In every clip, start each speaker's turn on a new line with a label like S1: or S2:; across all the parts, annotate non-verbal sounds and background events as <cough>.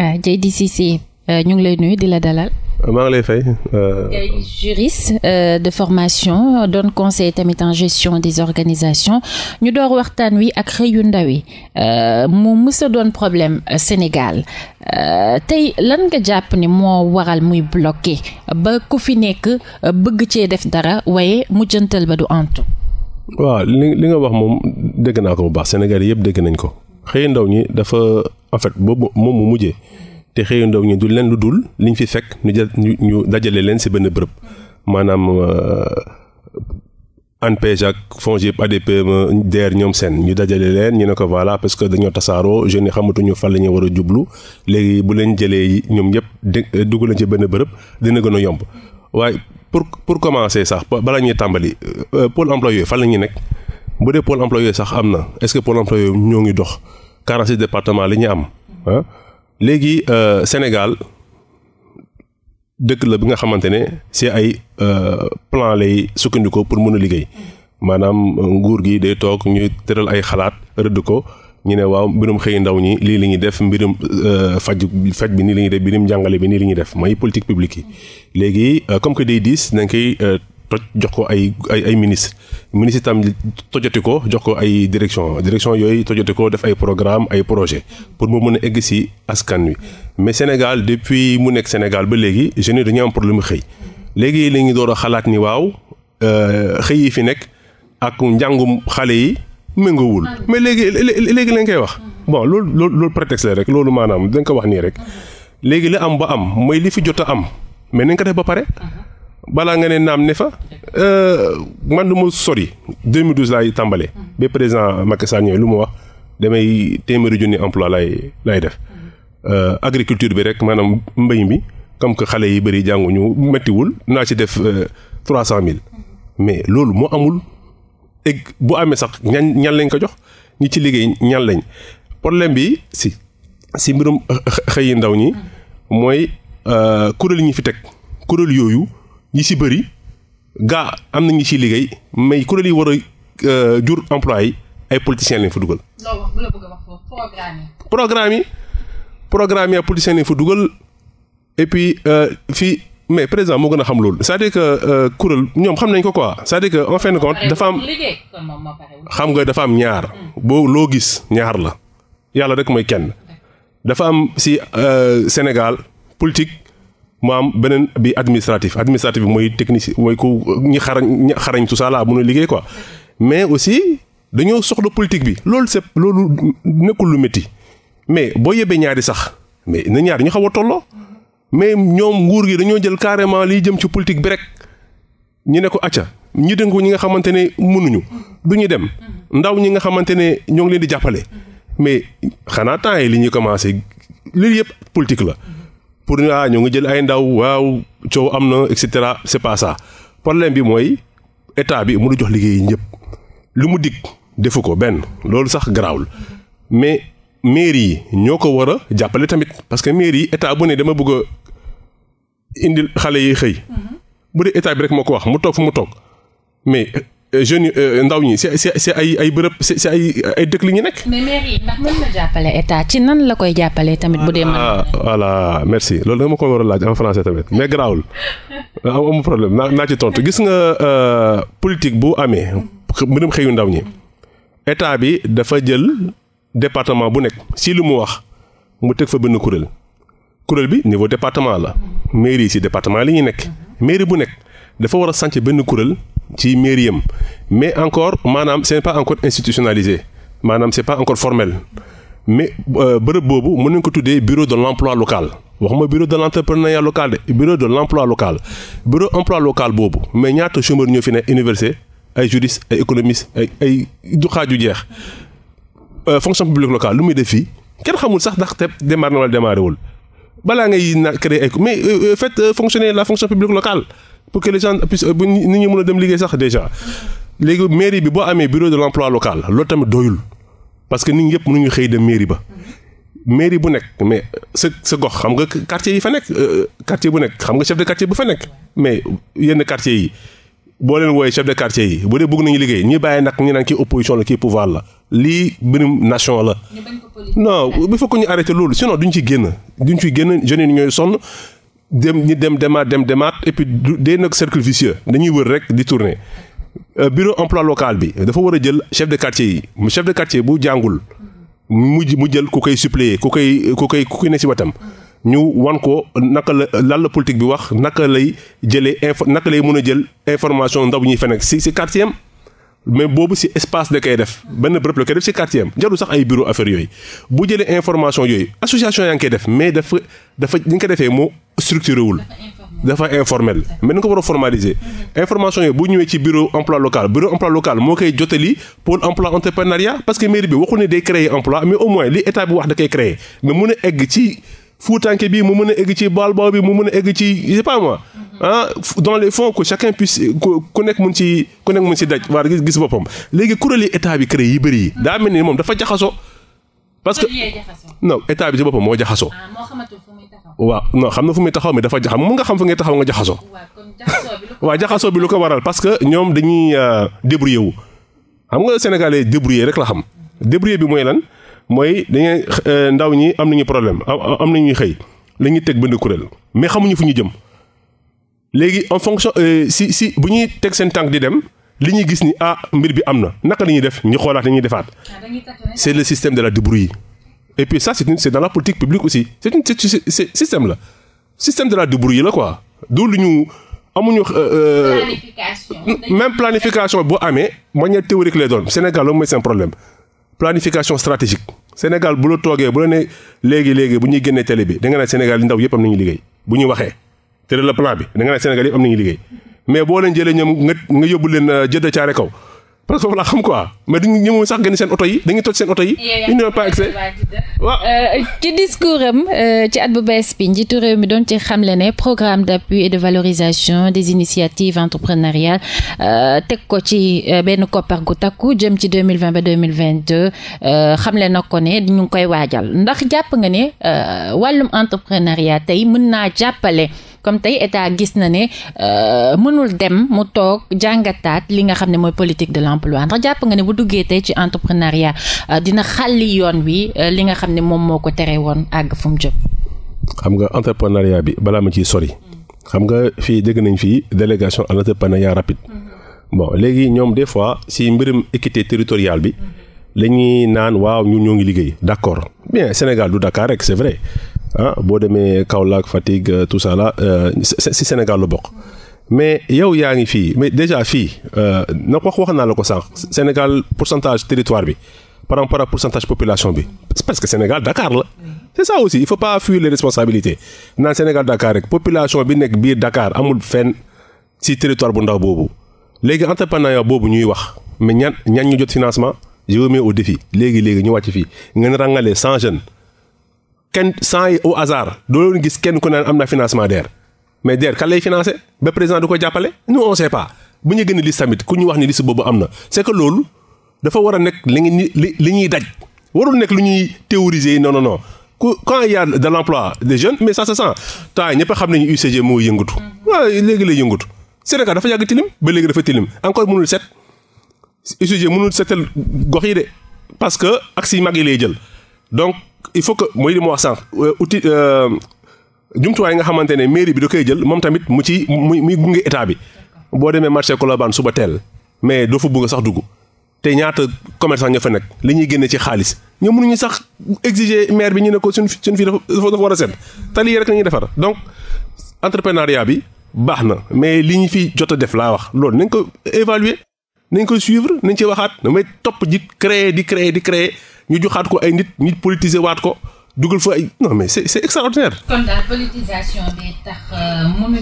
S1: Euh, Dieydi Cissé euh, ñu ngi lay nuyu di la dalal.
S2: Euh, maa ngi lay fay. ngay
S1: de formation doon conseil tamit en gestion des organisations ñu door waxtaan wi ak xëyu ndaw yi mu mës doon problème Sénégal tey lan nga jàpp ni moo waral muy bloqué ba ku fi nekk bëgg cee def dara waye mu jëntal ba du antu.
S2: waaw li nga wax moom dégg naa ko bu baax Sénégal yëpp dégg nañ ko. xëyu ndaw ñi dafa en fait boobu moom mu mujje te xëyu ndaw ñi du leen lu dul liñ fi fekk ñu jël ñu dajale leen si benn bërëb maanaam euh, ANPEJ ak FONGIP ADPME DER ñoom seen ñu dajale leen ñu ne ko voilà parce que dañoo tasaaroo jeunes yi xamatuñu fan la ñu war a jublu léegi bu leen jëlee ñoom ñëpp dé dugg ci benn bërëb dina gën a yomb waaye pour pour commencer sax bala ñuy tàmbali euh, pôle emploi yooyu fan la ñuy nekk bu dee pôle emploi yooyu sax am na est-ce que pôle emploi ñoo ngi dox quarante six département la ñu am ah léegi euh, Sénégal dëkk la bi nga xamante ne si ay euh, plan lay sukkandiku pour mën a liggéey maanaam nguur gi day toog ñu tëral ay xalaat rëdd ko ñu ne waaw mbirum xëy ndaw ñi lii li ñu def mbirum euh, faj faj bi nii la ñuy def mbirum jàngale bi nii la ñuy def mooy politique publique yi léegi comme que day diis nañ koy toj jox ko ay ay ay ministre ministre itam tojati ko jox ko ay direction direction yooyu tojati ko def ay programme ay projet pour mu mën a egg si askan wi mais Sénégal depuis mu nekk Sénégal ba léegi jeunes dañu am problème xëy léegi la ñu door a xalaat ni waaw euh, xëy yi fi nekk ak njàngum xale yi méngoowul mais léegi léegi lañ koy wax bon loolu loolu loolu rek loolu maanaam dañ ko wax nii rek léegi li am ba am mooy li fi jot a am mais nañ ko def ba pare balaa nga ne naam ne fa euh, man du ma sori 2012 laay tàmbale ba président Macky Sall lu mu wax damay téeméeri junni emploi lay lay def euh, agriculture bi rek maanaam mbéy mi comme que xale yi bëri ñu méttiwul naa ci def euh, trois cent mille mais loolu moo amul eg bu amee sax ñan ñan lañ ko jox ñi ci liggéey ñan lañ problème bi si si mbirum xëyi ndaw ñi mooy kuréel yi ñu fi teg kuréel yooyu ñi si bëri gaa am na ñi siy liggéey may kuréel yi war a euh, jur emploi yi ay politiciens lañ fu dugal. programme yi programme yi ay politiciens lañ fa dugal et puis euh, fii mais président moo gën a xam loolu. c'est-à-dire que euh, kuréel ñoom xam nañ ko quoi c'est-à-dire que en fin de compte dafa am xam nga dafa am ñaar mm. boo loo gis ñaar la yàlla rek mooy kenn dafa am si Sénégal politique. mu beneen bi administratif administratif bi mooy technicien mooy ko ñi xarañ ñi xarañ tout ça là mën liggéey quoi mais aussi dañoo soxla politique bi loolu c'est loolu nekkul lu métti mais boo yebee ñaari sax mais na ñaari ñu xaw a tolloo mais ñoom nguur gi dañoo jël carrément liy jëm ci politique bi rek ñu ne ko acca ñi dëngu ñi nga xamante ne mënuñu du ñu dem ndaw ñi nga xamante ne ñoo ngi leen di jàppale mais xanaa temps yi li ñuy commencé lii yëpp politique la. pour ñu ah ñoo ngi jël ay ndaw waaw coow am na et cetera c'est bi mooy état bi mënu jox liggéey ñëpp lu mu dikk defu ko benn loolu sax garaawul mais mairie yi ñoo ko war a jàppale tamit parce que mairie yi état bu ne dama bëgg a indil xale yi xëy. Mhm. bu dee état bi rek moo ko wax mu toog fu mu toog mais Euh, jeunes euh, ndaw ñi c'est c'est c'est ay ay bërëb c'est ay ay dëkk li ñu nekk.
S1: mais ci nan la koy jàppale tamit bu dee. ah
S2: voilà merci loolu da ma ko war a laaj en français tamit mais garaawul amu problème naa naa ci tontu gis nga euh, politique bu amee mbirum xëyu ndaw ñi état bi dafa jël département bu nekk si lu mu wax mu teg fa benn kuréel kuréel bi niveau département la mairie si département li ñu nekk mairie bu nekk dafa war a sànc benn kuréel. ci mairie mais encore maanaam c'est pas encore institutionnalisé maanaam c'est pas encore formel mais euh, bërëb boobu mën nañ ko tuddee bureau de l'emploi local waxuma bureau de l'entrepreneuriat local de bureau de l'emploi local bureau emploi local boobu mais ñaata chômeur ñoo fi ne université ay juriste ay économiste ay ay du jeex euh, fonction publique locale lu muy def fii kenn xamul sax ndax te démarré na wala démarré wul balaa ngay na créer ay mais euh, pour que les gens puissent euh, nit ñi mën a dem liggéey sax déjà léegi mairie bi boo amee bureau de l'emploi local loolu tamit doyul parce que nit ñi nu ñu xëy dem mairie ba. mairie bu nekk mais sa sa gox xam nga quartier yi fa nekk euh, quartier bu nekk xam nga chef de quartier bu fa nekk mais yenn quartier yi boo leen wooyee chef de quartier yi bu dee bëgg nañu liggéey ñi bàyyi nag ñu naan kii opposition la kii pouvoir la lii mbirum nation la. non il faut que ñu arrêté loolu sinon duñ ci génn duñ ci génn jeunes yi ñooy sonn. dem ñu dem demaat dem demaat et puis du day nag dañuy wër rek di tourner euh, bureau emploi locale bi dafa war a jël chef de quartier yi mu chef de quartier bu jàngul mu mu jël ku koy suppléer ku koy ku koy ku koy ne ci wetam ñu wan ko naka la lan la politique bi wax naka lay jëlee info naka lay mun a jël information ndaw ñuy feneen ci ci quartier am mais boobu ci espace de koy def benn bërëb la koy def ci quartier am jarul sax ay bureau affaire yooyu bu jële information yooyu association yaa ngi koy def mais dafa dafa ñu ko defee moo structuré wul. dafa informel mais ni nga ko war a formaliser information yi bu ñëwee ci bureau emploi local bureau emploi moo koy jotali pôle emploi entrepreneuriat parce que mairie bi waxul ne day créer emploi mais au moins li état bi wax da koy créer mais mun a egg ci fuutanke bi mu mën a egg ci baalbaaw bi mu mun a egg ci je sais pas moi. ah dans les fonds ku nekk mun ci ku nekk mun ci daj waar gis boppam léegi kuréel yi état bi créé yi bëri yi daa mel ni moom dafa jaxasoo. parce que non état bi ci boppam moo jaxasoo. Ah, waaw non xam na fu muy taxaw mais dafa jaxam mu nga xam fu ngay taxaw nga jaxasoo. waa jaxasoo bi lu ko waral parce que ñoom dañuy euh, débrouiller wu. xam nga sénégalais débrouiller rek la xam. débrouiller bi mooy lan mooy dañuy euh, ndaw ñi am nañu problème am nañuy xëy lañuy ñuy teg benn kuréel mais xamuñu fu ñu jëm léegi en fonction euh, si si bu ñuy teg seen tànk di dem. li ñuy gis ni ah mbir bi am na naka li ñuy def ñu xoolaat li ñuy defaat c' le système de la débrouille et puis ça c' est une c' est dans la politique publique aussi c' est une c' système la système de la yi la quoi doo lu ñu amuñu. Euh, euh, même planification boo amee manière théorique lay doon Sénégal loolu mooy seen problème planification stratégique Sénégal bu la toogee bu la ne léegi léegi bu ñuy génnee télé bi da nga naan Sénégal yi ndaw yëpp am nañu liggéey bu ñuy waxee tëral la plan bi da nga naan Sénégal yëpp am nañu liggéey. mais boo leen jëlee ñoom nga nga yóbbu leen euh, jëdd caare kaw parce que foofu laa xam quoi mais dañu ñëw sax génn seen oto yi dañuy toj seen oto yi. ñu ne pas accès
S1: waaw. Euh, ci discours am euh, ci at bu bees bi njiitu réew mi doon ci xamle ne programme d' appui et de valorisation des initiatives entrepreneuriales teg ko ci benn koppar gu takku jëm ci deux mille vingt ba deux mille vingt deux xamle na ko ne ñu ngi koy waajal ndax jàpp nga ne wàllum entrepreneuriat tey mën naa jàppale. comme tey état gis na ne euh, mënul dem mu toog jàngataat li nga xam ne mooy politique de l'emploi ndax jàpp nga ne bu duggee tey ci entrepreneuriat euh, dina xàlli yoon wi euh, li nga xam ne moom moo ko tere woon àgg fu mu jëm.
S2: xam nga entrepreneuriat bi balaa ma ciy sori. xam nga fii dégg nañ fii délégation à l'entrepreneuriat rapide. Mm-hmm. bon léegi ñoom des fois si mbirum équité territoriale bi. Mm-hmm. lañuy naan waaw ñu ñoo ngi liggéey d'accord bien Sénégal du Dakar rek c'est vrai ah boo demee Kaolack Fatick euh, tout ça là euh, si Sénégal la bokk mais yow yaa ngi fii mais déjà fii euh, na wax wax naa la ko sànq Sénégal pourcentage territoire bi par rapport à pourcentage population bi parce que Sénégal dakaar la c'est ça aussi il faut pas fuir les responsabilités naan Sénégal Dakar rek population bi nekk biir dakaar amul fenn ci territoire bu ndaw boobu léegi entrepreneuriat boobu ñuy wax mais ñan ñu jot financement je vous mets au défi léegi léegi ñu wàcc fii ngeen ràngalee cent jeunes kenn sans yi au hasard doo leen gis kenn ku naan am na financement DER mais DER kan lay financé ba président du ko jàppale nous on sait pas bu ñu gën a liste tamit ku ñu wax ni liste boobu am na c'est que loolu dafa war a nekk li ngi li li ñuy daj warul nekk lu ñuy théoriser non non non ko quand il y a de l'emploi des jeunes mais ça se sent temps ñëpp xam nañu UCG moo yëngatu waaw léegi lay yëngatu Sénégal dafa yàgg tilim ba léegi dafa tilim encore mënul set UCG mënul setal gox yi de parce que axe yu mag yi lay jël il faut que mooy li mu wax sànq euh, outil euh, jumtuwaay nga xamante ne mairie bi da koy jël moom tamit mu ci muy muy gunge état bi boo demee marché Colobane suba teel mais doo fa bugg sax dugg te ñaata commerçant ña fa nekk li ñuy génne ci xaalis ñoom ñu sax exiger maire bi ñu ne ko suñ fi fii dafa dafa war a seet tali yi rek la defar donc entrepreneuriat bi baax na mais li ñu fi jot a def laa wax loolu nañ ko évaluer nañ ko suivre nañ ci waxaat damay topp di créer di créer di ñu joxaat ko ay nit nit politiser waat ko dugal fa ay non mais c'est c'est extraordinaire.
S1: kon daal politisation bi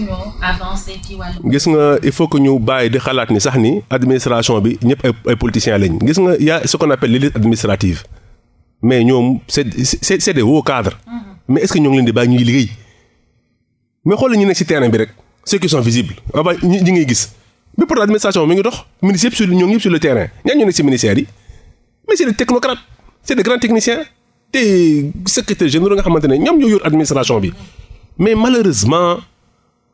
S1: euh,
S2: gis nga il faut que ñu bàyyi di xalaat ni sax ni administration bi ñëpp ay ay politiciens lañ gis nga y a ce qu'on appelle l'élite administrative mais ñoom c'est c'est c'est des hauts cadres. Mm-hmm. mais est-ce que ñoo ngi leen di bàyyi ñuy liggéey mais xoolal ñu nekk ci terrain bi rek ceux qui sont visibles waaw ah ñi ñi ngay gis. mais pour l'administration mi ngi dox ministre yëpp sur ñoo le terrain ñaan ñoo nekk ci yi mais c'est des c'est des grands techniciens des secrétaires généraux nga xamante ne ñoom ñoo yor administration bi mais malheureusement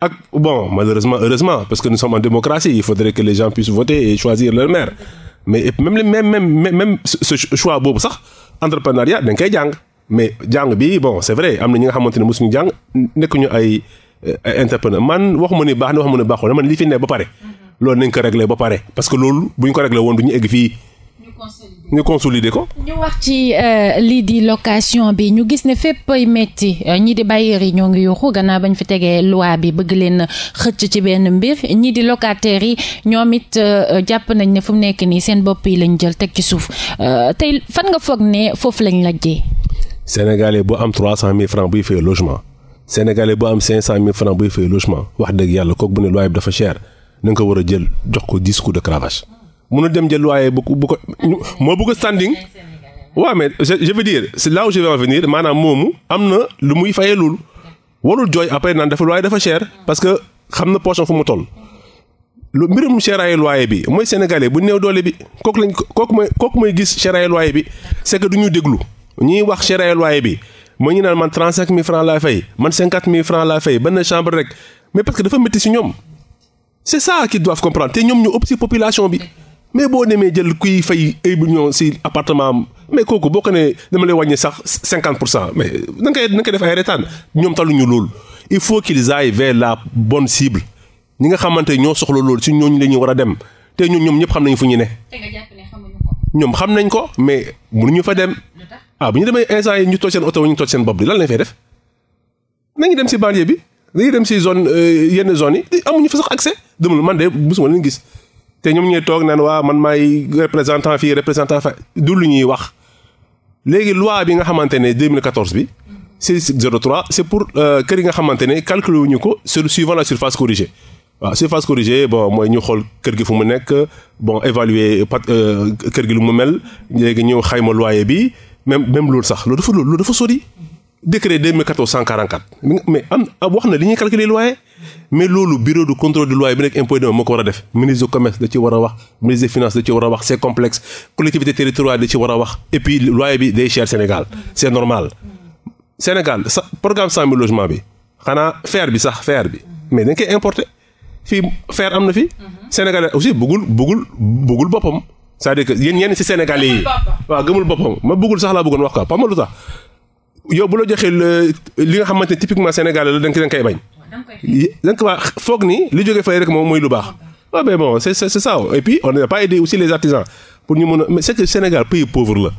S2: ak bon malheureusement heureusement parce que nous sommes en démocratie il faudrait que les gens puissent voter et choisir leur maire mais même même même même ce choix boobu sax entrepreneuriat da nga koy jàng mais jàng bi bon c'est vrai am na ñi nga xamante ne mosuñu jàng nekk ñu ay entrepreneur man wax waxuma ni baax na waxuma ni baaxul man li fi ne ba pare. loolu nañ ko réglé ba pare parce que loolu bu ñu ko réglé woon du ñu fii. ñu consolider ko.
S1: ñu wax ci euh, lii di location bi ñu gis ne fépp féppay métti euh, ñii di bailleurs yi ñoo ngi yuuxu gannaaw bañ fi tegee loi bi bëgg leen xëcc ci benn mbir ñii di locataires yi ñoom it euh, jàpp nañ ne fu mu nekk nii seen bopp yi lañ jël teg ci suuf tey fan nga foog ne foofu lañ lajjee.
S2: Sénégalais bu am trois cent mille francs buy fay logement Sénégalais bu am cinq francs buy fay logement wax dëgg yàlla kooku bu ne loi bi dafa cher na ko war a jël jox ko dix coups de cravache. mënul dem jël waaye bu ko bu ko ah, moo bëgg standing. waaw ouais, mais je, je veux dire c'est je venir maanaam moomu am na lu muy fayee loolu warul jooy après naan dafa loyer dafa cher parce que xam na poche fu mu toll. lu mbirum cheraayu loyer bi mooy sénégalais bu neew doole bi kooku lañ kooku mooy kooku mooy gis cheraayu loyer bi c'est que du ñu déglu ñuy wax cheraayu loyer bi moo ñu naan man 35 000 francs laa fay man 50 000 francs laa fay benn chambre rek mais parce que dafa métti ci ñoom c'est ça ñoom ñu ëpp ci population bi. mais boo demee jël kuy fay ay million si appartement am mais kooku boo ko nee dama lay wàññi sax cinquante pour cent mais na nga koy na nga koy def ay retaan ñoom faut qu'ils aillent vers la bonne cible ñi nga xamante ñoo soxla loolu si ñooñu la ñu war a dem te ñun ñoom ñëpp xam nañu fu ñu ne. ñoom xam nañ ko mais ñu fa dem ah bu ñu demee instant yi ñu toj seen oto wu ñu seen bopp di lan lañ fay def nañu dem si banlieue bi dañuy dem si zone euh, yenn zone yi amuñu fa sax accès demul man de mosuma leen gis. te ñoom ñooy toog naan waa man maay représentant fii représentant fa du lu ñuy wax léegi loi bi nga xamante ne 2014 bi c'est 03 c'est pour euh, kër yi nga xamante ne calculé wuñu ko sur suivant la surface corrigée waaw surface corrigée bon mooy ñu xool kër gi fu mu nekk bon évaluer pat euh, kër gi lu mu mel léegi ñu xayma loyer bi même même loolu sax loolu dafa loolu dafa sori. décret 2014 144 mais am wax na li ñuy calculer loyer mais loolu bureau de contrôle du loyer bi nekk impôt moo ko war a def ministre du commerce da ci war a wax ministre des finances da ci war a wax c'est complexe collectivité territoriale da ci war a wax et puis loyer bi day cher Sénégal c'est normal Sénégal sa programme 100 000 bi xanaa fer bi sax fer bi mais dañ koy importer fii fer am na fi. Sénégal aussi bëggul bëggul bëggul boppam c'est-à-dire que yéen ñenn ci boppam ma bëggul sax laa bëggoon wax quoi pas ma yow bu la joxee li nga xamante ne typiquement sénégalais la da nga koy bañ. da foog ni li jógee fay rek moom mooy lu baax. o mais bon c'est c'est ça et puis on n'a pas aidé aussi les artisans pour ñu mën a mais c'est que Sénégal pays pauvre la.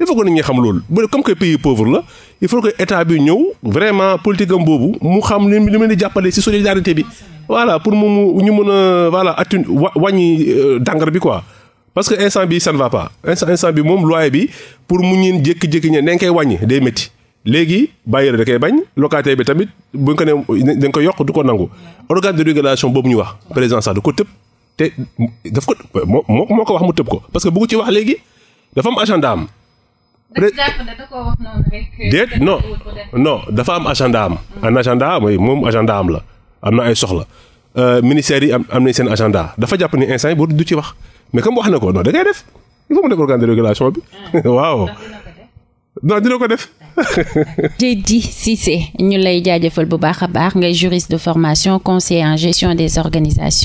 S2: il faut que nit ñi xam loolu bu comme que pays bi ñëw vraiment politique am boobu mu xam li mu di jàppale ci solidarité bi. voilà pour mu ñu mën a voilà attu wa wàññi euh, dangar bi quoi. parce que instant bi ça ne va bi moom loyer bi pour mu ñeen jékki-jékki ñe ne nga koy wàññi day métti. léegi bàyyi bailleur da kay bañ locataire bi tamit buñ ko ne dañ ko yokk du ko nangu organe de régulation boobu ñu wax président sax du ko tëb te daf ko moo moo ko wax mu tëb ko parce que bëggu ci wax léegi dafa am agenda am déet dafa am agenda am agenda mooy moom agenda am la am na ay soxla euh, ministère yi am am nañ seen agenda dafa jàpp ni instant yi boo du ci wax mais comme wax na ko non da ngay def il faut mu def organe de régulation bi ah. <laughs> waaw non dina ko def. <laughs> Dieydi Cissé
S1: ñu lay jaajëfal bu baax a baax ngay juriste de formation conseiller en gestion des organisations.